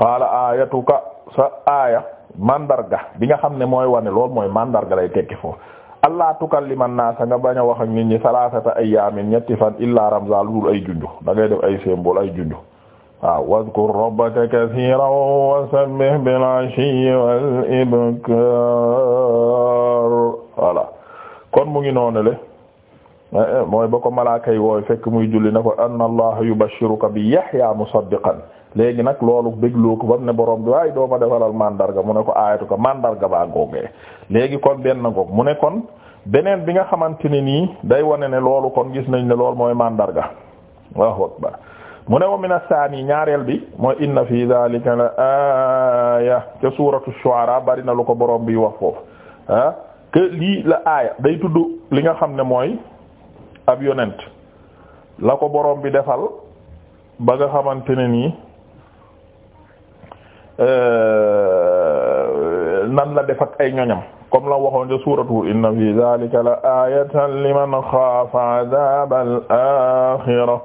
qaala aayatuka sa aaya mandarga bi nga xam ne mooy wane lool mooy mandarga lay tekki foofu allah tukallima naasa nga ba a wax ak nit ñi salaasata ayyaamin ñetti fan illaa ramza lu dul ay junju dangay ngay def ay symbole ay junju waaw wadkur rabbaka kathiran wa sabbih bil ashiyyi wal ibkar voilà kon mu ngi noonu le eh, eh, mooy ba ko malaaka wooy fekk muy julli na ko anna allaha yubashshiruka bi yahya musaddiqan léegi nag loolu dégloo ko ba mu ne borom bi waaye doo ma defalal màndarga mu ne ko aayatu ko mandarga baa googee léegi kon benn goog mu ne kon beneen bi nga xamante ne nii day wane ne loolu kon gis nañ ne loolu mooy mandarga waaw akbar mu ne wa min asaani ñaareel bi mooy inna fi dhalika la aaya ca suuratu shu'ara bari na lu ko borom bi wax foofu ah lii la aaya day tudd li nga xam ne mooy ab yonent la ko boroom bi defal ba nga xamante ne nii Euh, nan la def ay ñoñam comme la waxoon ca suuratu inna fi zaalika la aayatan liman xaafa azaabal aaxira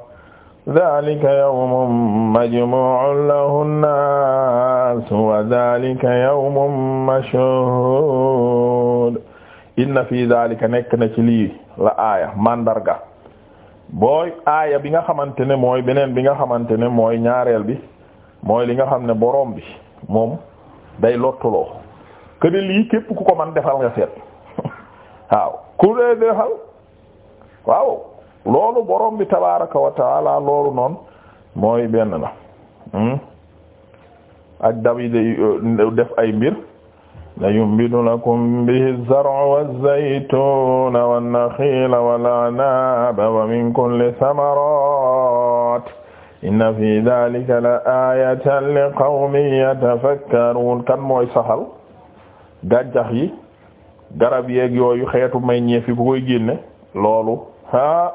zaalika yawmun majmuu'un lahu nnaas wa zaalika yawmun mashhuud inna fi zaalika nekk na ci lii la aaya mandarga booy aaya bi nga xamante ne mooy beneen bi nga xamante ne mooy ñaareel bi mooy li nga xam ne boroom bi moom day lottuloo que ne lii képp ku ko man defal nga seet waaw ku dee defal waaw loolu borom bi tabaaraka wa taala loolu noonu mooy benn la hmm? ak dab euh, def ay mbir la yumbitu lakum bihi zar'a waz-zaytuna wan-nakhila wal-a'naba wa min kulli thamarat inna fi dhalika la ayatan li qawmin yatafakkarun kan mooy saxal gàncax yi garab yeeg yooyu xeetu meññeef yi bu koy génne loolu ah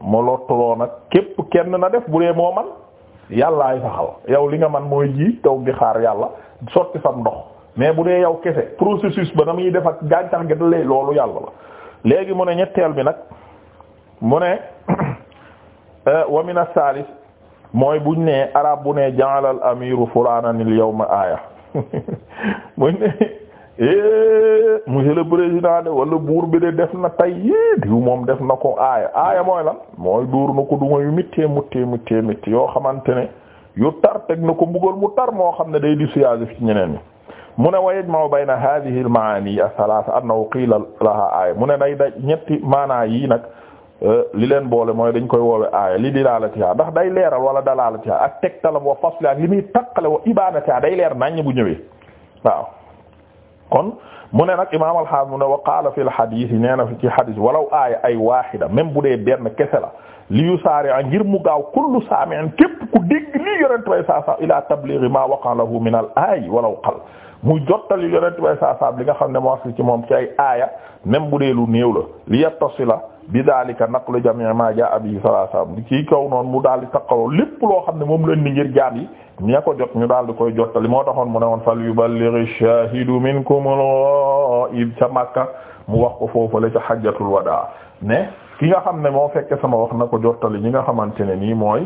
mu lottuloo nag képp kenn na def bu dee moo man yàllaay saxal yow li nga man mooy ji taw bi xaar yàlla sotti sam ndox mais bu dee yow kese processus ba na muy def ak gàncax gi dalee loolu yàlla la léegi mu ne ñetteel bi nag mu ne wa min mooy buñ ne arab bu ne ja'ala al amiru fulanan al yawma aaya buñ ne eh, de wala buur bi de def na tay eh, diw moom def na ko aaya aaya mooy lan mooy duur na ko duma yu mittee muttee muttee mittee yoo xamante ne yu tar teg na ko mbugal mu tar moo xam ne day dissuasif ci ñeneen ñi mu ne wayajma'u bayna hadhihi al maani ath-thalatha annahu qila laha aaya mu ne day daj ñetti maanaa yi nag Euh, li leen boole mooy dañ koy woowe aaya li dilaalatiha ndax day leeral wala dalaalatiha ak tegtalam wa fasli ak li muy takkale wa ibaanatiha day leer naññ bu ñëwee waaw kon mu ne nag imaam alxaam mu ne wa qaala fi alxadiis nee na ci xadiis walaw aaya ay waaxida même bu dee benn kese la li yu saari a ngir mu gaaw kullu saami'in képp ku dégg lii yonent bay saa saa ila tabliigi maa waqa lahu min al aay walaw mu jottali yonent li nga xam ne moo ci moom ci ay aaya même bu dee lu néew la bi daalika naqlu jamii ma jaa bi sallallahu alayhi kaw noonu mu daal di takkaloo lépp loo xam ne moom lañ ni ngir jaam yi ña ko jot ñu daal di koy jottali moo taxoon mu ne woon fal yuballighi shahidu minkum al-ghaib ca Makka mu wax ko foofule ca hajjatul wadaa ne ki nga xam ne moo fekke sama wax na ko jottali ñi nga xamante ne nii mooy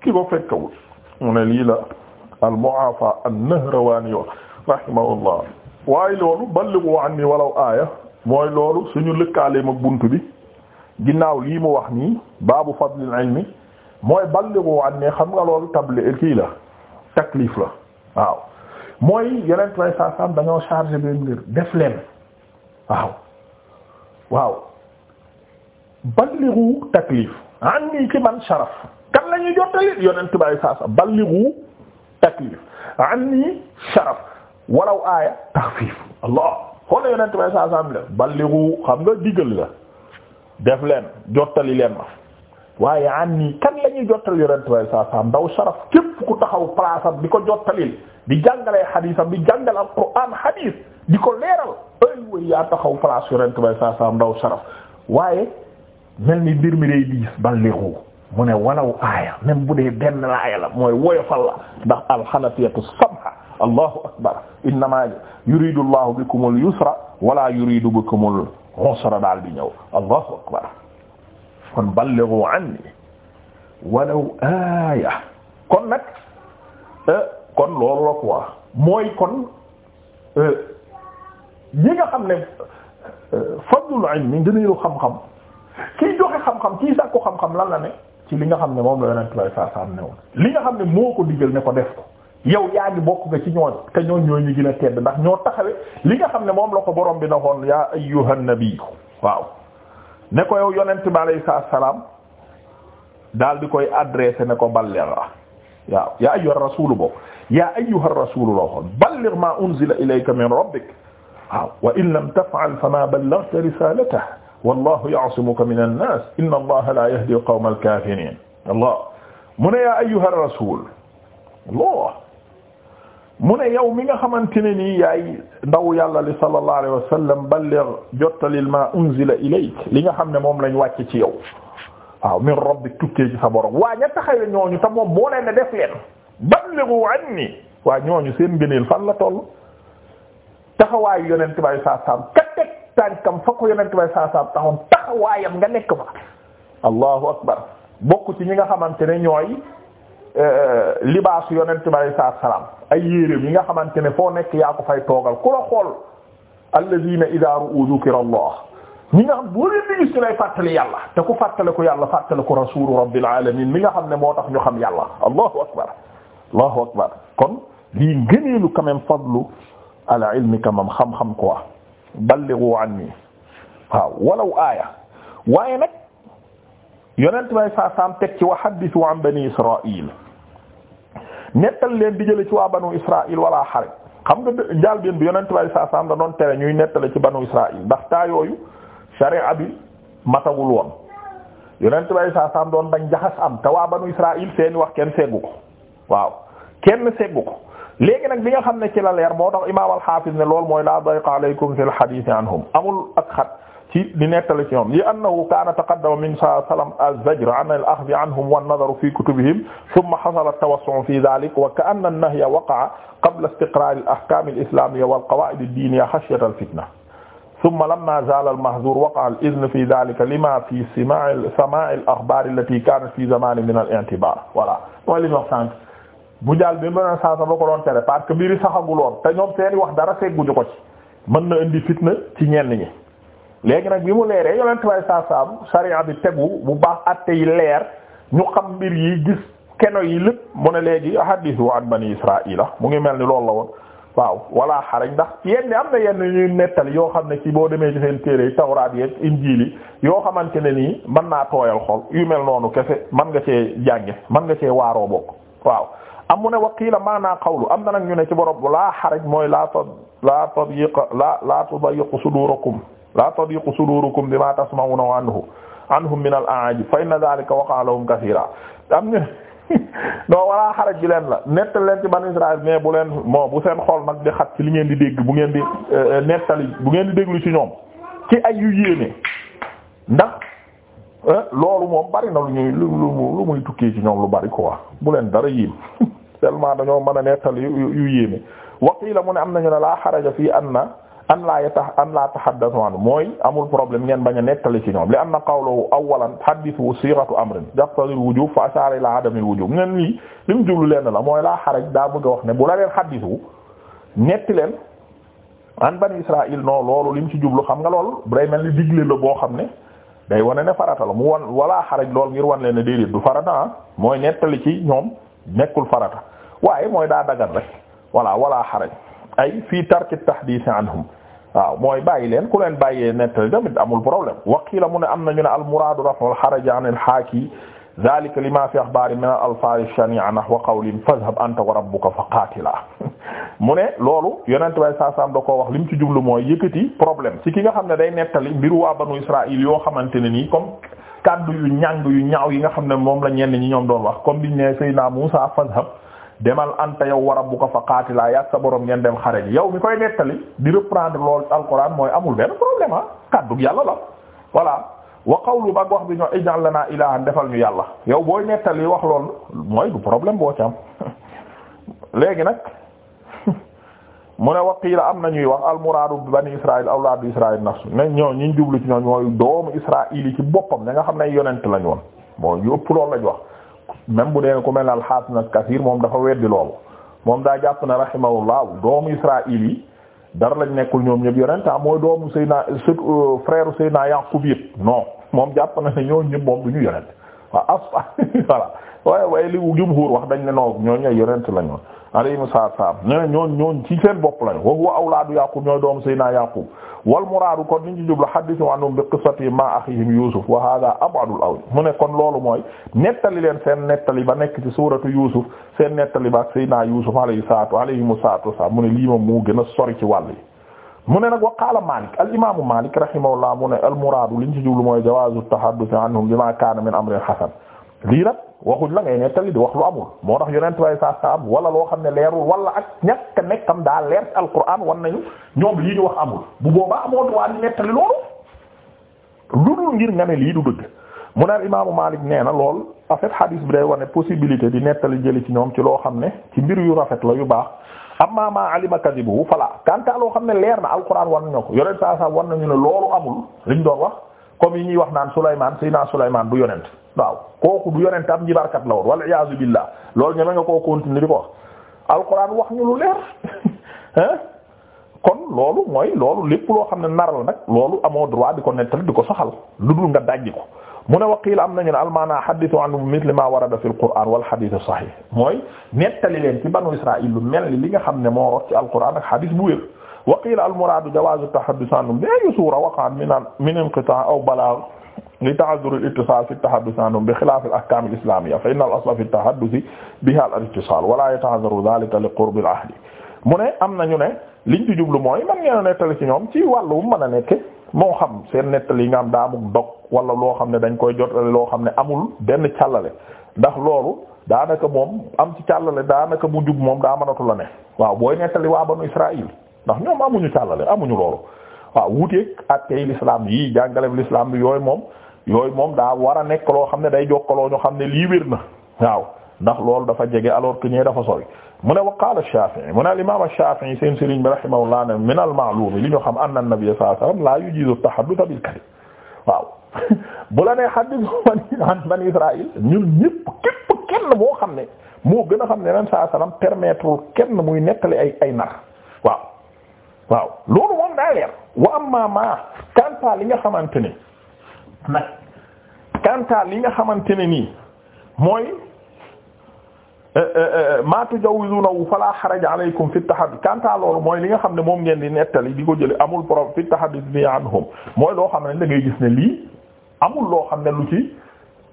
ki ko fekkewul mu ne lii la al-Mu'afa an-Nahrawani rahimahullah waaye loolu ballighu anni walaw aaya mooy loolu suñu lëkkaaleem ak bunt bi ginnaaw lii mu wax nii baabu fadlil ilmi mooy ballighu anni xam nga loolu table kii la taklif la waaw mooy yeneen lay saa saam dañoo chargé benn def leen waaw waaw ballighu taklif anni ci man sharaf kan la jottali yonent bay saa saam ballighu taklif anni sharaf walaw aaya taxfiif allah xoola yonent may saa sam le balligu xam nga digal la def leen jottali leen ma waaye an kan la ñuy jottal yonent may saa sam ndaw saraf képp ku taxaw place di ko jottalil di jàngalee xadiisam di jàngal al Qur'aan xadiis di ko leeral ay way yaa taxaw place yonent may saa sam ndaw saraf waaye mel ni mbir mi day diis balligu mu ne walaw aaya même bu dee benn laaya la mooy woyofal la ndax alxanafiyatu samha allahu akbar innama yuridu allahu bikumul yusra wala yuridu bikumul usra daal di ñëw allahu akbar kon ballighu anni walaw aaya kon nag euh, kon loolu ko quoi mooy kon euh, ñi nga xam ne euh, fadlul ilmi ngëneelu xam-xam kiy joxe xam-xam kiy sàkku xam-xam lan ne ci li nga xam ne moom la yonent bay saa saam ne woon li nga xam ne moo ko digal ne ko def yow yaa ngi bokk nga ci ñooñ te ñooñ ñoo ñu gën a tedd ndax ñoo taxawe li nga xam ne moom la ko borom bi na xoon yaa ayyuhan nabiyu waaw ne ko yow yonent bi alayhi salaam daal di koy adressé ne ko balligh waaw yaa ayyuhar rasuulu boobu yaa ayyuhar rasuulu la waxoon balligh maa unzila ilayka min rabbik waaw wa in lam taf'al famaa ballaghta risaalatahu wallaahu ya'simuka mina nnaas inna allaha laa yahdii qawmal kaafiriin allah mu ne yaa ayyuhar rasuul allah mu ne yow mi nga xamante ne nii yaay ndaw yàlla li sallallahu alayhi wa sallam balligh jottalil ma unzila ilayk li nga xam ne moom lañ wàcc ci yow waaw min rabbik tukkee ci sa borom waa ña taxawe ñooñu te moom moo leen ne def leen ballighu anni waa ñooñu seen gëneel fan la toll taxawaayu yonent bay saa saam ka teg tànkam fa ko yonent bay saa saam taxoon taxawaayam nga nekk fa allahu akbar bokk ci ñi nga xamante ne ñooy Euh, libaasu yonent bi alayhi salaatu salaam ay yéreem yi nga xamante ne foo nekk yaa ko fay toogal ku la xool allaziina idaa ru'u dhukira Allah ñi nga xam boo leen di gis ñu lay fàttali yàlla te ku fàttale ko yàlla fàttale ko rasuulu rabbil alamin mi nga xam ne moo tax ñu xam yàlla allahu akbar allahu akbar kon lii ngëneelu quand même fadlu ala ilmi quand même xam-xam quoi ballighu anni waaw walaw aaya waaye nag yonent bay saa saam teg ci wa hadithu an bani israil nettal leen di jële ci waa banu israil wala xaraj xam nga njaal bi yonent bay saa saam da doon tere ñuy nettale ci banu israil ndax taa yooyu sharia bi matagul woon yonent bay saa doon bañ jaxas am te waa banu israil seeni wax kenn seggu ko waaw kenn seggu ko léegi nag bi nga xam ne ci la leer moo tax imaam al-Hafiz ne loolu mooy la dayqa alaykum fil hadith anhum amul ak ci di nettali ci ñoom li annahu kaana taqaddama min sa salam az-zajr an al-akhdh anhum wa an-nadar fi kutubihim thumma hasala at-tawassu' fi dhalik wa ka'anna an-nahya waqa'a qabla istiqrar al-ahkam al-islamiyya wal-qawa'id ad-diniyya khashyata al-fitna thumma lamma zala al-mahzur waqa'a al-idhn fi dhalik lima fi sima' sama' al-akhbar allati kanat fi zaman min al-i'tibar voilà mooy li ñu wax sànq bu jàll bi mën a saa sa ba ko doon tere parce que mbiri saxaguloon te ñoom seeni wax dara segguñu ko ci mën na indi fitna ci ñenn ñi léegi nag bi mu leeree yonent way saa saam sariya bi tegu bu baax atte yi leer ñu xam mbir yi gis keno yi lépp mu ne léegi hadithu an bani israila mu ngi mel ni loolu la woon waaw wala xaraj ndax yenn am na yenn ñuy nettali yoo xam ne ci boo demee ci seen téere yi tawraat yi injiil yi yoo xamante ne nii mën naa tooyal xol yu mel noonu kese mën nga cee jànge mën nga cee waaroo bokk waaw am mu ne waqiila maanaa qawlu am na nag ñu ne ci borom laa xaraj mooy laa to laa to yiq laa laa tudayiqu sudurakum la tadiqu sudurukum bima tasma'una anhu anhum min al-a'ajib fa inna dhalika waqa'a lahum kathira am ñu non walaa xaraj bi leen la nettal leen ci ban Israël mais bu leen moo bu seen xol nag di xat ci li ngeen di dégg bu ngeen di euh, euh, nettali bu ngeen di déglu ci ñoom ki ay yu yéene ndax loolu moom bari na lu ñuy lu muy tukkee ci ñoom lu bari quoi bu leen dara yéem tellement dañoo mën a nettali yu yéeme waqila mu ne am nañu ne laa fii anna an laa yatax an laa taxaddasu anhu mooy amul problème ngeen bañ nga nettali ci ñoom li anna qawluhu awalan hadithu sighatu amrin yaqtadi al-wujub fa ashara ila adami al-wujub ngeen lii li mu jublu leen la mooy laa xaraj daa bëgg a wax ne bu la leen hadithu ñetti leen an bani israil non loolu lim ci jublu xam nga loolu day mel ni digle la boo xam ne day wane ne farata la mu wan walaa xaraj lool ngir wan leen ne déedéet du farata ah mooy nettali ci ñoom nekkul farata waaye mooy daa dagan rek voilà walaa xaraj ay waaw mooy bàyyi leen ku leen bàyyee nettali tamit amul problème waqiila mu ne am nañu ne al muraadu rafu al haraj an al haaki zalika lima fi axbaari min al alfaaz shani'a nahwa qawlin fadhhab anta wa rabbuka fa qaatila mu ne loolu yonent bay saasaam da koo wax li mu ci jublu mooy yëkkati problème ci ki nga xam ne day nettali mbiru waa banu Israaïl yoo xamante ne nii comme kaddu yu ñàng yu ñaaw yi nga xam ne moom la ñenn ñi ñoom doon wax comme biñ ne Seydina Muusaa fadhhab demal anta yow wa rabbuka fa qaatilaa yaa sa boroom ngeen dem xare ji yow mi koy nettali di reprendre loolu alquran mooy amul benn problème ah yàlla la voilà wa qawlu ba wax bi ñoo ij'al lanaa ilaahan defal ñu yàlla yow booy nettali wax loolu mooy du boo ci am nag mu ne am na ñuy wax almuraadu bi bani israil awlaadu israil ñoo ñu jublu ci ñoom mooy doomu israil ci boppam ña nga xam ne yonent lañ woon moo yëpp loolu lañ wax même bu dee ku mel na alxaafis nag kasiir moom dafa weddi loolu moom daa jàpp na rahimahullah doomu Israaïl yi dara lañ nekkul ñoom ñëpp yonentaa ah mooy doomu Seydina surtout euh, frère Seydina Yaqub it no moom jàpp na ne ñoo ñëpp moom du ñu yonent waaw as voilà waaye waaye li jumhuur wax dañ ne non ñoo ñooy yonent lañu alayhimu salaam nee na ñooñ ñooñ ci seen bopp lañu wa huwa awlaadu yaqub ñooy doomu sayna yaqub wal muraadu kon niñ ci jublu hadithu anhum bi qissati ma akhihim yusuf wa hadha ab'adul awj mu ne kon loolu mooy nettali leen seen nettali ba nekk ci suuratu yusuf seen nettali ba ak sayna yusuf alayhi salaatu alayhimu salaatu wasalaam mu ne lii moom moo gën a sori ci wàll yi mu ne nag wa qaala Malik al imaamu Malik rahimahullah mu ne al muraadu liñ ci jublu mooy jawaazu tahaddus anhum bima kaana waxuñ la ngay nettali di wax lu amul moo tax yonent way sa saab wala loo xam ne leerul wala ak ñàkk nekkam daa leer ci alquran wan nañu ñoom lii ñu wax amul bu boobaa amoo droit di nettali ngir nga lii du dëgg mu ne imaamu Maalik nee na lool en fait hadis bi day wane possibilité di ci loo xam ne mbir yu rafet la yu baax amma ma alima kadibu fala kanta loo xam ne leer na alquran wan nañu ko yonent saa saab wan nañu ne loolu amul liñ doon wax. comme yi ñuy wax naan Souleymane naa Souleymane du yonent waaw kooku du yonent am jibarkat la woon wala iyaazu billah loolu ñeme nga koo continuer di ko wax wax ñu kon loolu mooy loolu lépp loo xam ne nar la nag loolu amoo droit di ko nettal di ko soxal lu dul nga dajji ko mu ne waqiila am nañu ne almaana xadditu an misli ma warada fi alquran wal xaditu sahih mooy nettali leen ci banu israil lu mel ni li nga xam ne moo rot ci alquran ak xadis bu wér wa qiila al-muraadu jawaazu at-tahaddus anhum bi ayyi suura waqa'a min inqitaa' aw balaagh li ta'azzur al-ittisaal fi at-tahaddus anhum bi khilaaf al-ahkaam al-islaamiyya fa inna al-asla fi at-tahaddus bihaa al-ittisaal wa laa yata'azzaru dhaalika li qurb al-ahd mu ne am nañu ne liñ ci jublu mooy man ngeen a nettali ci ñoom ci wàllu bu mën a nekk moo xam seen nettali yi nga am daa amul dog wala loo xam ne dañ koy jotale loo xam ne amul benn càllale ndax loolu daanaka moom am ci càllale daanaka mu jub moom daa mënatu la ne waaw booy nettali waa banu Israaïl ndax ñoom amuñu càllale amuñu loolu waaw wuteeg ak tey l'islam yii jàngaleeb l'islam bi yooyu moom yooyu moom daa war a nekk loo xam ne day jokkaloo ñu xam ne lii wér na waaw ndax loolu dafa jege alors que ñee dafa sori mu ne wa qaala Shaafi'i mu ne al imaam Shaafi'i seen sëriñ bi rahimahullah ne min al ma'lum li ñu xam anna an-nabiyya sallallahu alayhi wasallam la yujiizu at-tahadduth bil kadhib waaw bu la nee hadith an bani Israaïl ñun ñëpp képp kenn moo xam ne moo gën a xam ne ren saa salaam kenn muy nettali ay ay nar waaw. waaw loolu moom daa leer wa amma ma li nga xamante ne nag kanta li nga xamante ne nii mooy euh, euh, euh, ma tujawizuna fala haraja alaykum fi tahaddi kanta loolu mooy li nga xam ne moom ngeen di nettali di ko jële amul problème fi tahaddi bi anhum mooy loo xam ne da ngay gis ne lii amul loo xam ne lu ci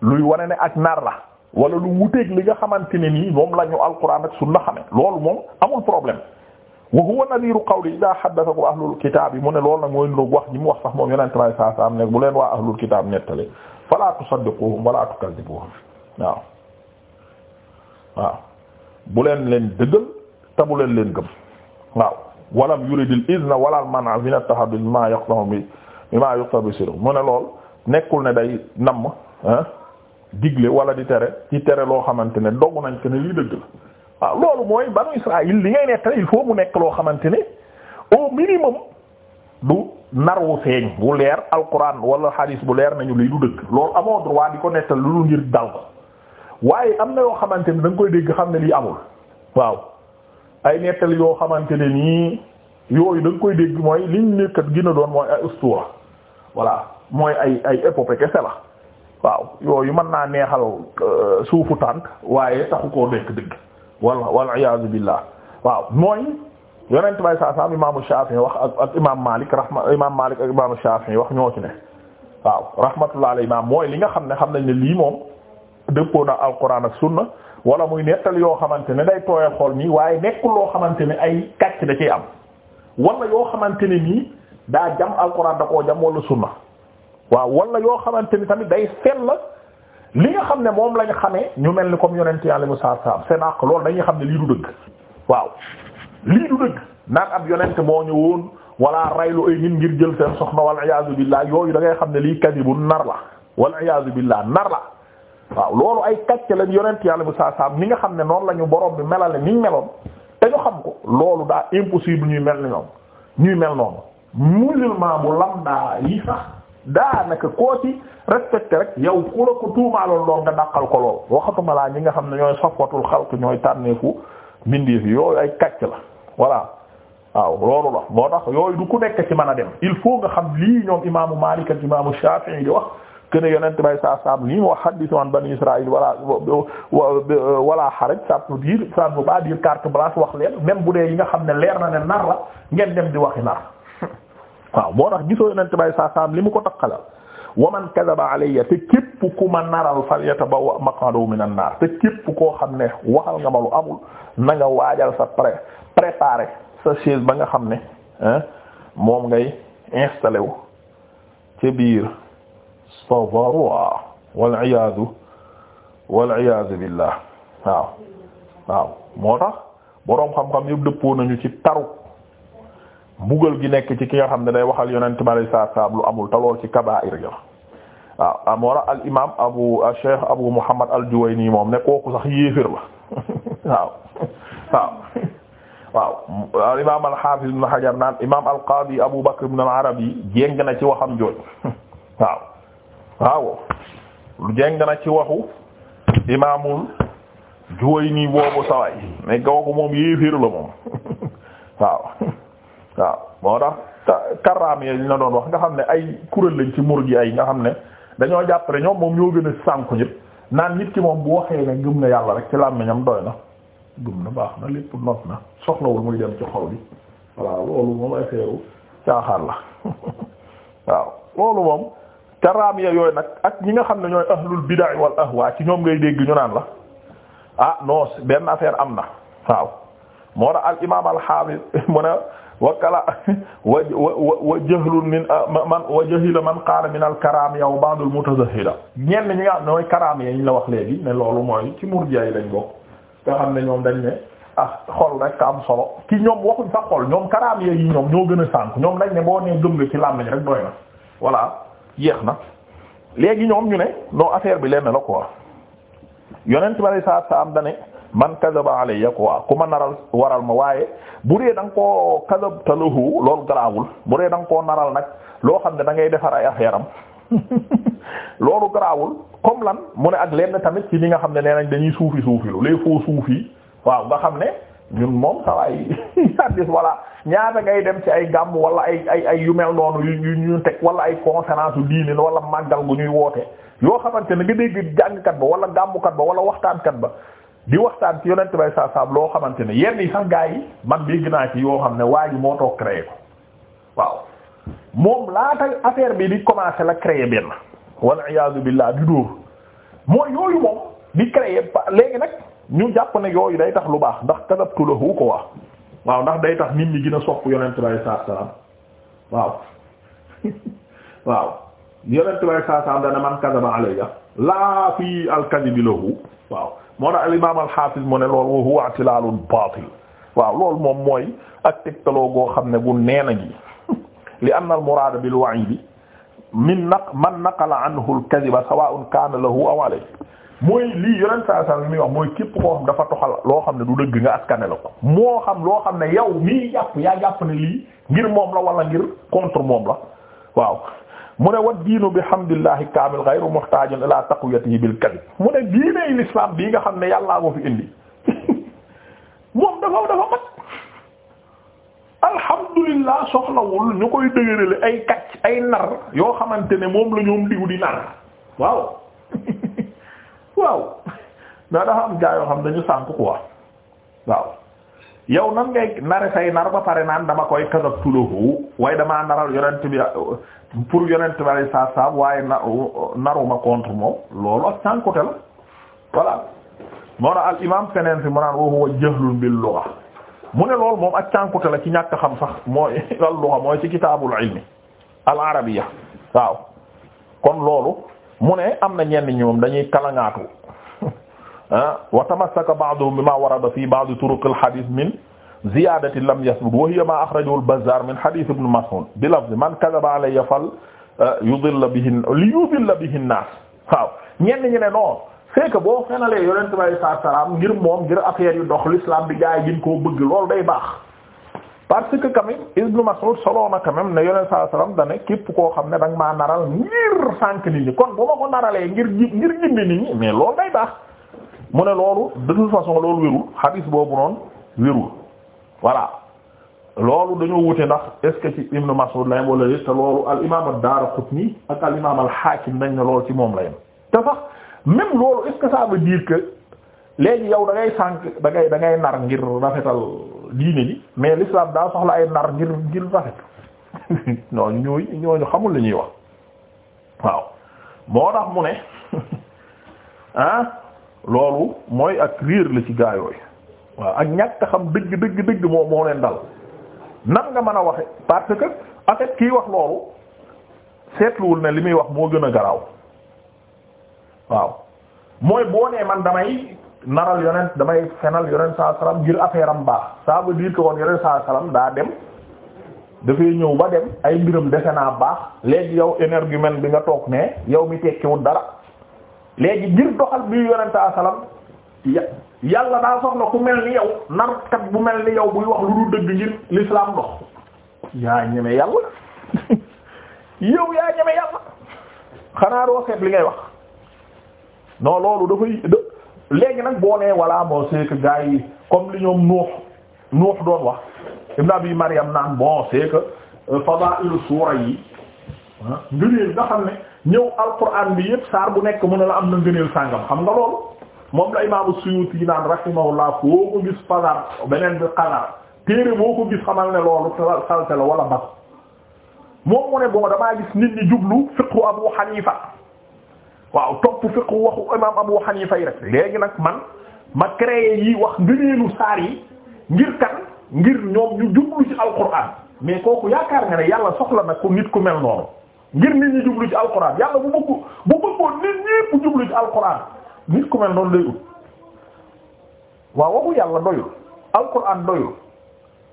luy wane ne ak nar la wala lu wuteeg li nga xamante ne nii moom la ñu alquran ak sunna xame loolu moom amul problème wa huwa nadiru qawli idaa haddathakum ahlul kitaab yi mu ne loolu nag mooy niroog wax ji mu wax sax moom yonent may saa saa am ne bu leen waa ahlul kitaab nettali falaa tusaddiquhum walaa tukadzibuhum waaw waaw bu leen leen dëggal te bu leen leen gëm waaw walam yuridil izna wala al man'a min at-tahaddud ma yaqtahu bima yuqtabi sirr mu ne lool nekkul ne day namm ah, digle wala di tere ci tere loo xamante ne dogg nañ ko lii dëgg la waaw loolu mooy banu Israël li ngay nettale il faut mu nekk loo xamante ne au minimum du narwu feeñ bu leer alquran wala hadis bu leer nañu lii du dëgg loolu amoo droit di ko nettal lu ngir dal ko waaye am na yoo xamante ne da koy dégg xam ne lii amul waaw ay nettali yoo xamante ne nii yooyu da koy dégg mooy liñ nekkat gën a doon mooy ay ustura voilà mooy ay ay épopée kese la waaw yooyu mën naa neexal euh, suufu tànk waaye taxu koo nekk dëgg wal wal iyaazu billah waaw mooy yonent bay saa saam imaamu Shafi'i wax ak ak imaam Malik rahma imaam Malik ak imaamu Shafi'i wax ñoo ci ne waaw rahmatullah alayhi imaam mooy li nga xam ne xam nañ ne lii moom dëppoo na alquran ak sunna wala muy nettal yoo xamante ne day tooyal xool nii waaye nekkul loo xamante ne ay kàcc da ciy am wala yoo xamante ne nii daa jam alquran da koo jam wala sunna waaw wala yoo xamante ni tamit day sell li nga xam ne moom lañ xamee ñu mel ni comme yonent yàlla mu saa saa seen loolu dañuy xam ne lii du dëgg waaw lii du dëgg naan ab yonent moo ñëwoon wala raylu ay nit ngir jël seen soxna wal iyaazu billah yooyu da xam ne lii kadibu nar la wal iyaazu billah nar la waaw loolu ay kàcce lañ yonent yàlla mu saa saa nga xam ne noonu lañu ñu borom bi melale niñ meloon te ñu xam ko loolu daa impossible ñuy mel ni ñoom ñuy mel noonu musulman daanaka koo ci respecté rek yow ku la ko tuumaaloon lool nga dàqal ko lool waxatuma laa ñi nga xam ne ñooy safwatul xalq ñooy tànneefu mbindeef yi yooyu ay kàcc la voilà waaw loolu la moo tax yooyu du ku nekk ci mën a dem il faut nga xam lii ñoom imaamu Maalik ak imaamu Shaafi'i di wax que ne yonent bay saa saam nii wa hadithu an bani Israël wala wala xaraj ça peut dire ça ne veut pas dire carte blanche wax leen même bu dee yi nga xam ne leer na ne nar la ngeen dem di waxi nar. waaw moo tax gisoo yonent bay saa saam li mu ko taqalal wa man kadaba alayya te képp ku ma naral fal yatabawa maqadahu minan naar te képp koo xam ne waxal nga ma lu amul na nga waajal sa pré préparer sa chaise ba nga xam ne moom ngay installé wu ca biir sa varwa wal iyaadu wal iyaadu waaw moo tax boroom xam-xam yëpp dëppoo nañu ci taru mbugal gi nekk ci ki nga xam ne day waxal yonent bi alayhi salaatu salaam lu amul te lool ci kabaa'ir la waaw amoora al imaam abu cheikh abu muhammad al juwayni moom ne kooku sax yéefir la waaw waaw waaw al imaam al haafiz ibn hajar naan imaam al qaadi abu bakr ibn al arabi jéng na ci waxam jooj waaw waaw jéng na ci waxu imaamul juwayni boobu saway ne kooku moom yéefir la moom waaw waaw moo tax karraam yi ñu la doon wax nga xam ne ay kuréel lañ ci mur gi ay nga xam ne dañoo jàpp ñoom moom ñoo gën a sànku ñëpp naan nit ki moom bu waxee ne gëm na yàlla rek ci làmmiñam doy na gëm na baax na lépp not na soxlawul muy dem ci xol bi voilà loolu waaw loolu moom karraam ya yooyu nag ak ñi nga xam ne ñooy ahlul bid'a wal ahwa ci ñoom ngay dégg ñu naan la ah non benn affaire am na waaw moo tax al imaam al mu ne waa kala wa wa jahlun min ah, man wa jahila man qaala min al karamiya wa ba'd al mutazahhila ñenn ñi nga xam ne mooy karamiya yi ñu wax léegi ne loolu mooy ci murjiya yi lañ bokk nga xam ne ñoom dañ ne ah xol rek am solo ci ñoom waxuñ sax xol ñoom karamiya yi ñoom ñoo gën a sànk ñoom dañ ne boo nee gëm nga ci làmmiñ rek doy na voilà yeex na léegi ñoom ñu ne non affaire bi leen lenn la quoi yonent bi sallallahu sa am dane man kadaba alayya quoi ku ma naral waral ma waaye bu dee da nga koo kadabta lahu loolu garaawul bu dee da nga koo naral nag loo xam ne da ngay defar ay affaire am loolu garaawul comme lan mu ne ak lenn tamit ci ñi nga xam ne nee nañ dañuy suufi suufi lu les faux suufi waaw nga xam ne ñun moom sawaay addis wala ñaata ngay dem ci ay gàmm wala ay ay ay yu mel noonu yu ñu teg wala ay conférence yu diine wala màggal gu ñuy woote yoo xamante ne nga dégg jàngkat ba wala gàmmkat ba wala waxtaankat ba di waxtaan ci yonent bay saa saab loo xamante ne yenn yi sax gaa yi man dégg naa ci yoo xam ne waa ji moo toog créé ko waaw moom laata affaire bi di commencer la créé benn wal iyaadu billaah di dóor mooy yooyu moom di créé ba léegi nag ñu jàpp ne yooyu day tax lu baax ndax kadabtu lahu ko wax waaw ndax day tax nit ñi gën a sopp yonent bay saa saab waaw waaw yonent bay saa saab dana man kadaba alayya laa fi al kadibi lahu waaw moo tax al imaam al xaafis mu ne baatil waaw lool moom mooy ak tegtaloo goo xam ne gu neena gi li anna al muraada bil wa'iidi min naq man naqala anhu al kadhiba sawaa'un kaana lahu aw alayhi mooy lii yeneen saa saa mi wax mooy képp koo dafa toxal loo xam ne du dëgg nga askane la ko moo xam loo xam ne yow mii jàpp yaa jàpp ne lii ngir moom la wala ngir contre moom la waaw mu ne wa diinu bi hamdillahi kaamil ghayru muhtaajin ila taqwiyatihi bil kadhib mu ne diiney l'islam bii nga xam ne yàllaa ko fi indi moom dafa dafa mat alhamdulillah soxlawul ñu koy dëgërale ay kacc ay nar yoo xamante ne moom la ñoom diw di nar waaw waaw daa dafa am gaa yoo xam dañu sànk quoi waaw yow nan ngay nare say nar ba pare naan dama koy kasab tulahu waaye damaa naral yonent bi uh, pour yonent bi alay saab saab waaye uh, naruma contre moom loolu ak sànkute la voilà moo na al imam feneen fi mu naan wa huwa jahlun bil lugha mu ne loolu moom ak cànkute la ci ñàkk xam sax mooy al lugha mooy ci kitaabul ilmi al arabiya waaw kon loolu mu ne am na ñenn ñi moom dañuy kalangaatu Ah, wa tamassaka ba'duhum bima warada fi ba'd turuq al-hadith min ziyadati lam yasbut wa hiya ma akhrajahu al-Bazzar min hadith ibn Mas'ud bi lafz man kadhaba alayya fal ah, yudilla bihi li yudilla bihi an waaw ñenn ñi ne non c'est que salaam ngir moom ngir affaire yu dox l'islam bi gaa yi gën koo bëgg loolu day baax parce que quand même Ibn Mas'ud solo na quand même ne yonent salaam da ne képp koo xam ne da nga maa naral ngir sànq nit kon bu ko naralee ngir ngir gindi nit ñi mais loolu day baax. mu ne loolu de toute façon loolu wérul xadis boobu noonu wérul voilà loolu dañoo wute ndax est-ce que ci Ibn Mas'ud lay loolu al imaam ad-Daraqutni ak al imaam hakim dañ ne loolu ci moom la yem te sax même loolu est-ce que ça léegi yow da ngay sànq da da ngay nar ngir rafetal diine ji mais l'islam daa soxla ay nar ngir ngir rafet ñooñu ñooy ñooñu xamul la ñuy wax waaw moo tax mu ne ah. loolu mooy ak riir la ci gaayooyu waaw ak ñàkk xam dëgg dëgg dëgg moo moo leen dal nan nga mën a waxe parce que en fait wax loolu seetluwul ne li muy wax moo gën a garaaw waaw mooy boo nee man damay naral yonent damay fenal yonent saa salaam ngir affaire am baax ça veut ko que woon yonent saa daa dem dafay ñëw ba dem ay mbiram defe naa baax léegi yow énergumène bi nga toog ne yow mi tekkiwul dara léegi ngir doxal bi yonentaa ya yàlla daa soxla ku mel ni yow narkat bu mel ni yow buy wax lu dul dëgg ngir l'islam dox yaa ñeme yàlla yow yaa ñeme yàlla xanaa doo li ngay wax non loolu dafay léegi nag boo nee voilà moo c'est que gars yi comme li ñoom nuux nuux doon wax ibn abi mariam naan bon c'est que euh, suura yi ah, ngëneel nga xam ne ñëw alquran bi yëpp saar bu nekk mu ne la am na ngëneel sàngam xam nga loolu moom la imaamu Suyuti naan rahimahullah foo ko gis pasar beneen bi xalaat téere boo ko gis xamal ne loolu salte la wala bas moom mu ne boo damaa gis nit ñi jublu fiqhu Abu Hanifa waaw topp fiqhu waxu imaam Abu Hanifa yi rek léegi nag man ma créé yi wax ngëneelu saar yi ngir kan ngir ñoom ñu jublu ci alquran mais kooku yaakaar nga ne yàlla soxla na ko nit ku ngir nit ñi jublu ci alquran yàlla bu bëgg bu bëggoon nit ñépp jublu ci alquran nit ku mel noonu lay ut waaw waxu yàlla doyul alquran doyul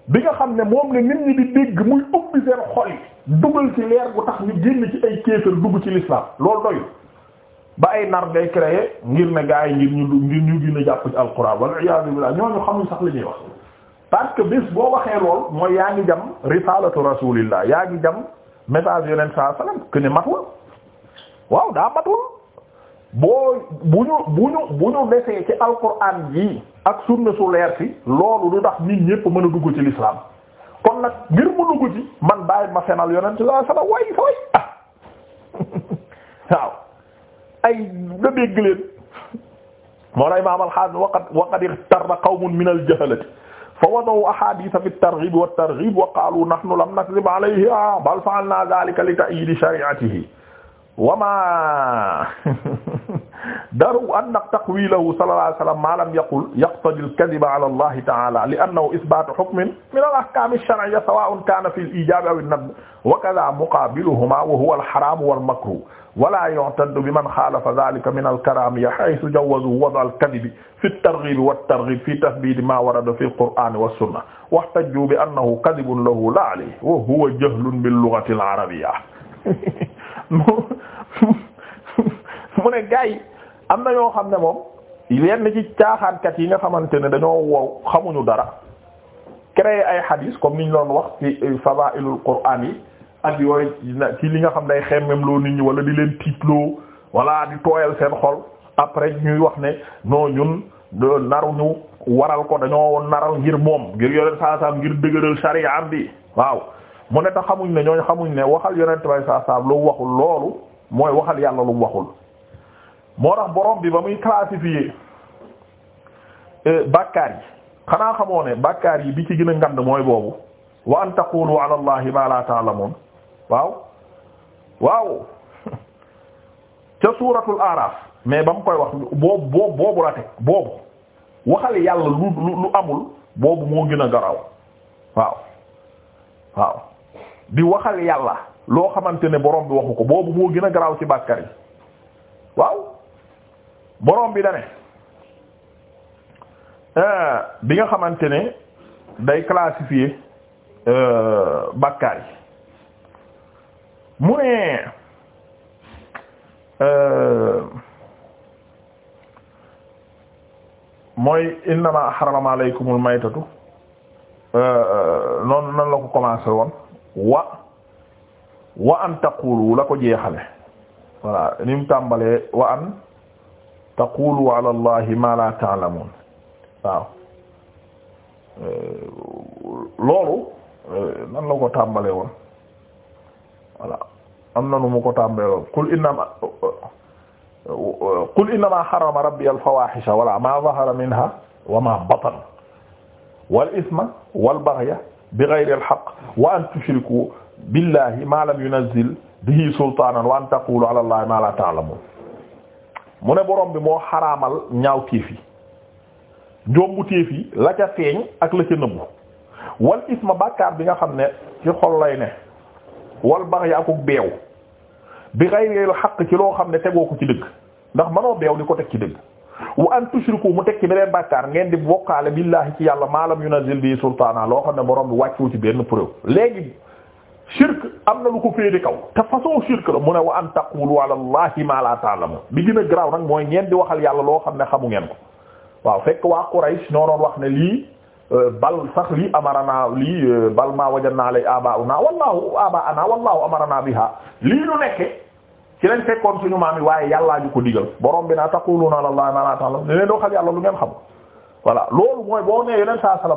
bi nga xam ne moom la nit ñi di dégg muy ubbi seen xol dugal ci leer gu tax ñu génn ci ay kéefër dugg ci l'islam loolu doyul ba ay nar day créé ngir ne gaa yi ngir ñu ngir ñu gën a jàpp ci alquran wal iyaadu billah xam xamuñ sax li ñuy wax parce que bés boo waxee lool mooy yaa ngi jam risalatu yaa ngi jam message yonent saa salaam que ne matul waaw daa matul boo bu ñu bu ñu bu ñu desee ci alquran yi ak sunna su leer si loolu du tax nit ñépp mën a dugg ci l'islam kon nag ngir mu dugg ci man bàyyi ma fenal yonent saa salaam way sa way ah waaw ay nga dégg leen moo lay maamal xaal waqad waqad ixtarra qawmun min al jahalati fa wadaw ahaditha fi targhib wa targhib wa qalu nahnu lam nakzib alayhi ah, bal fa'alna dhalika li ta'yid shari'atihi wa ma daru anna taqwilahu sallallahu alayhi wa sallam ma lam yaqul yaqtadi al-kadhiba ala Allah ta'ala li annahu ithbatu hukmin min al-ahkam ash-shar'iyya sawa'un kana fi al-ijab aw an-nadb wa kadha muqabiluhuma wa huwa al-haram wal-makruh wa la yu'taddu biman khalafa dhalika min al-karamiyya haythu jawazu wad'a al-kadhibi fi at-targhib wat-targhib fi tathbit ma warada fi al-qur'an was-sunnah wa ihtajju bi annahu kadhibun lahu la alayhi wa huwa jahlun bil-lughati al-arabiyya mu ne gaay am na yoo xam ne moom yenn ci caaxaankat yi nga xamante ne dañoo wow xamuñu dara créer ay hadith comme niñ doon wax ci fadailul qur'an yi ak yooyu ci li nga xam ne day xemmem loo nit ñi wala di leen tiitloo wala di tooyal seen xol après ñuy wax ne non ñun naruñu waral ko dañoo naral ngir moom ngir yonent saa ngir dëgëral sariya am bi waaw mu ne tax xamuñ ne ñooñ xamuñ ne waxal yonent bay saa lu waxul loolu mooy waxal yàlla lu waxul moo tax borom bi ba muy classifier euh, bàkkaar yi xanaa xamoo ne bàkkaar yi bi ci gën a ngand mooy boobu wa an taqulu ala allahi la ta'lamun waaw waaw ca suuratul araf mais ba mu koy wax boobu boobu boobu la teg boobu waxal yàlla lu lu amul boobu moo gën a garaw waaw waaw di waxal yàlla loo xamante ne borom bi waxu ko boobu moo gën a garaaw ci bàkkar yi waaw borom bi dane euh, bi nga xamante ne day classifier euh, bakkaar yi mu ne euh, mooy innama harrama alaykumul maytatu noonu nan la ko commencé woon wa wa an taqulu la ko jeexale voilà ni tàmbalee wa an taqulu ala allahi ma la ta'lamun waaw euh, loolu euh, nan la ko tàmbalee woon voilà am na nu mu ko tàmbalee woon qul innama euh, qul innama harrama rabbi al-fawahisha wala ma zahara minha wa ma batana wal ithma wal baghya bighayri al-haqq wa an tushriku billahi ma lam yunzil bihi sultanan wa an taqulu ala allahi ma la ta'lamun mu ne borom bi moo xaraamal ñaaw téef yi jombu téef yi la ca feeñ ak la ca nëbbu wal isma bàkkaar bi nga xam ne ci xol lay ne wal bax ya akuk beew bi ghayril haqq ci loo xam ne tegoo ko ci dëgg ndax mënoo beew di ko teg ci dëgg wa an tushriku mu teg ci beneen bàkkaar ngeen di bokkaale billahi ci yàlla maalam yunazil bi sultaana loo xam ne borom bi wàccu ci benn preuve léegi shirk am na lu ko féete kaw te façon shirk la mu ne wa an taqulu ala allahi ma la ta'lamu bi gën a garaaw nag mooy ngeen di waxal yàlla loo xam ne xamu ngeen ko waaw fekk waa Quraysh ñoo doon wax ne lii euh, bal sax lii amarana lii euh, bal ma naa lay abauna wallahu abaana wallahu amarana biha lii nu nekke ci lañ fekkoon suñu maam yi waaye yàllaa ñu ko digal borom bi naa taquluna ala ma la ta'lamu ne leen doo xam yàlla lu ngeen xam voilà loolu mooy boo nee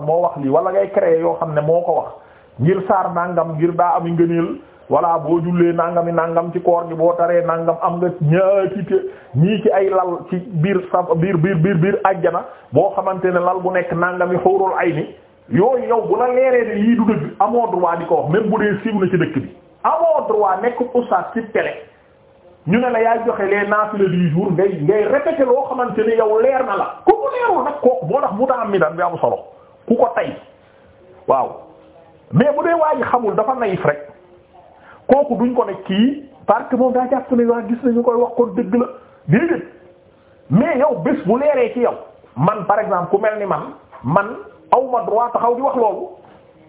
moo wax lii wala ngay yoo xam ne moo ko wax ngir saar nangam ngir daa am ngëneel walla boo jullee nangami nangam ci koor gi boo taree nangam am na ñaati te ñii ci ay lal ci biir saf biir biir biir biir ajjana boo xamante ne lal bu nekk nangami xóorul ay ni yooyu yow bu la leeree ne yii du dëgg amoo droit di ko wax même bu dee siiw na ci dëkk bi amoo droit nekk oustaz ci télé ñu ne la yaa joxe lee naafila du jour ngay ngay répété loo xamante ne yow leer na la ku mu leerul nag mi daan bi am ko tay mais bu dee waa ji xamul dafa naïf rek kooku duñ ko ne kii parce que moom daa jàpp ne waa gis nañu koy wax kon dëgg la déedéet mais yow bés bu leeree ci yow man par exemple ku mel ni man man aw waa droit taxaw di wax loolu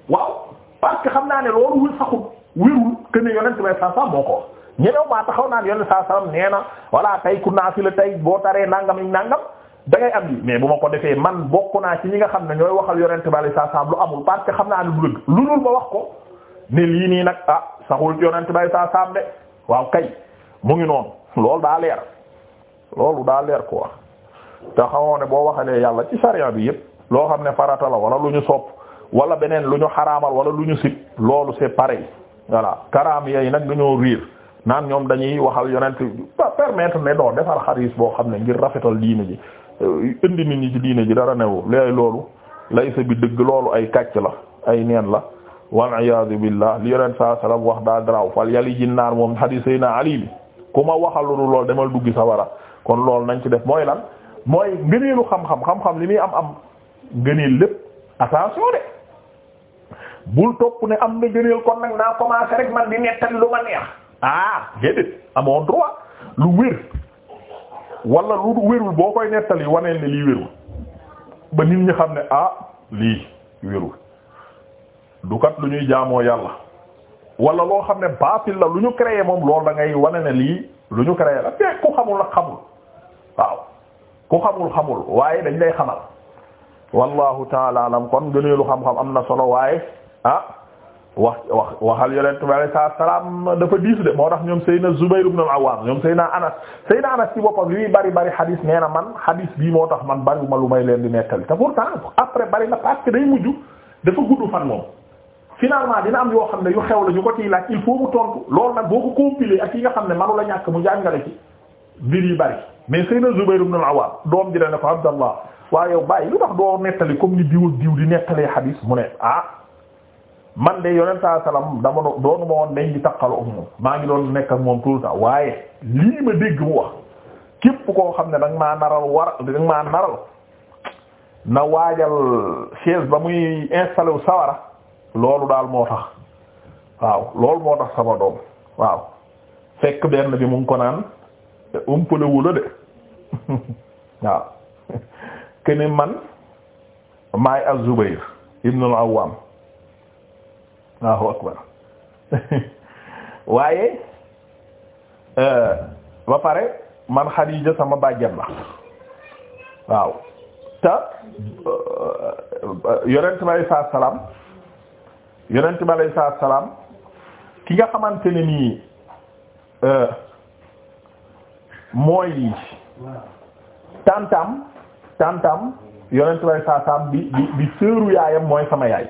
waaw parce que xam naa ne loolu wul saxul wérul que ne yonent may saa saa moo ko ñenew maa taxaw naan yonent saa saa nee na voilà tey ku naa la tey boo taree nangam ak nangam. da ngay am yi mais bu ma ko defee man bokk naa ci ñi nga xam ne ñooy waxal yonent bi saa saam lu amul parce que xam naa ne lu dëgg ba wax ko ne lii nii nag ah saxul yonent bi saa saam de waaw mu ngi noonu loolu daa leer loolu ko wax te xamoo boo waxalee yàlla ci bi yépp loo xam ne farata la wala lu ñu sopp wala beneen lu ñu xaraamal wala lu ñu sib loolu c'est pareil voilà karaam yooyu nag dañoo riir naan ñoom dañuy waxal yonent ba permettre ne doo defar xaris boo xam ne ngir rafetal diine ji indi nit ñi ci diine ji dara newu léegi loolu laysa bi dëgg loolu ay kàcc la ay neen la wal iyaadu billah li yonent saa salaam wax daa garaaw fal yali jinnaar moom xadiis sayna Ali ku ma waxalul lool demal duggi sawara kon loolu nañ ci def mooy lan mooy ngëneelu xam-xam xam-xam li muy am am ngëneel lépp attention de bul topp ne am na ngëneel kon nag naa commencé rek man di nettali lu ma neex ah déedéet amoo droit lu wér wala lu wérul boo koy nettali waneel ne lii wérul ba nit ñi xam ne ah lii wérul du kat lu ñuy jaamoo yàlla wala loo xam ne baatil la lu ñu créé moom loolu da ngay wane ne lii lu ñu créé la te ku xamul nag xamul waaw ku xamul xamul waaye dañ lay xamal wallahu taala alam kon gëneelu xam-xam am na solo waaye ah, wax wax waxal yonent bi alayhi salaam dafa diis de moo tax ñoom Seydina Zubayr ibn al-Awwam ñoom Seydina Anas Seydina Anas ci boppam li muy bari bari xadis nee na man xadis bii moo tax man bariwuma lu may leen di nettali te pourtant après bari na parce que day mujj dafa gudd fan moom. finalement dina am yoo xam ne yu xew la ñu ko ciy laaj il faut mu tontu loolu nag boo ko compiler ak yi nga xam ne manu la ñàkk mu jàngale ci mbir yi bari mais Seydina Zubayr ibn al-Awwam doom ji la ne ko Abdallah waaye yow bàyyi lu tax doo nettali comme ni diw ak diw di mu ne ah, man de yonent saa salaam dama doonu ma woon dañ di taqaloo ak moom maa ngi doon nekk moom tout le temps waaye lii ma dégg mu wax képp koo xam ne da nga maa naral war da naral na waajal chaise ba muy installé wu sawara loolu daal moo tax waaw loolu moo tax sama doom waaw fekk benn bi mu ko naan umpale wu la de waaw keni man maay az-Zubayr ibn al-Awwam Allahu waaye euh, ba pare man Xadiija sama bàjjen la waaw te euh, yonent bi salaam yonent bi alayhi salaam ki nga xamante ne nii euh, mooy tantam tantam yonent bi salaam bi bi bi seeru yaayam mooy sama yaay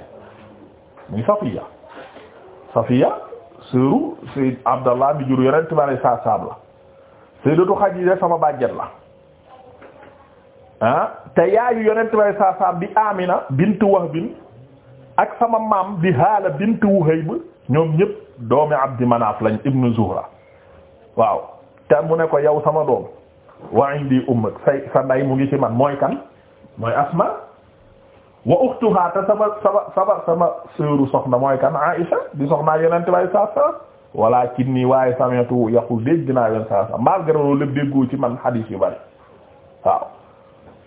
muy Safiya Safiya sëru Sayyid Abdallah bi jur yonent bi alay saa la Sayyidatu Xadiija sama bàjjet la ah te yaayu yonent bi alay saa saam di Amina bint ak sama maam bi Haala bint Wuhayb ñoom ñëpp doomi Abdi Manaaf lañ ibnu Zuhra waaw te mu ne ko yow sama doom wa indi ummak say sa nday mu ngi ci man mooy kan mooy Asma wa uxtuha te sama sama sama sama soxna mooy kan Aisha di soxnaa yonente bay saa saa walaakinni waaye sami'tu yaqul dégg naa yoon saa saa malgré loolu lépp ci man hadith yu bari waaw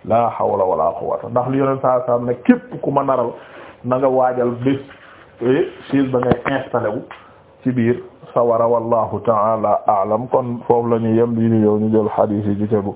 laa hawla wala quwwata ndax li yonent saa saa képp ku ma naral na waajal bés siis eh, ba ngay installé ci biir sawara wallahu ta'ala a'lam kon foofu la ñu yem li ñu yow ñu ci tegu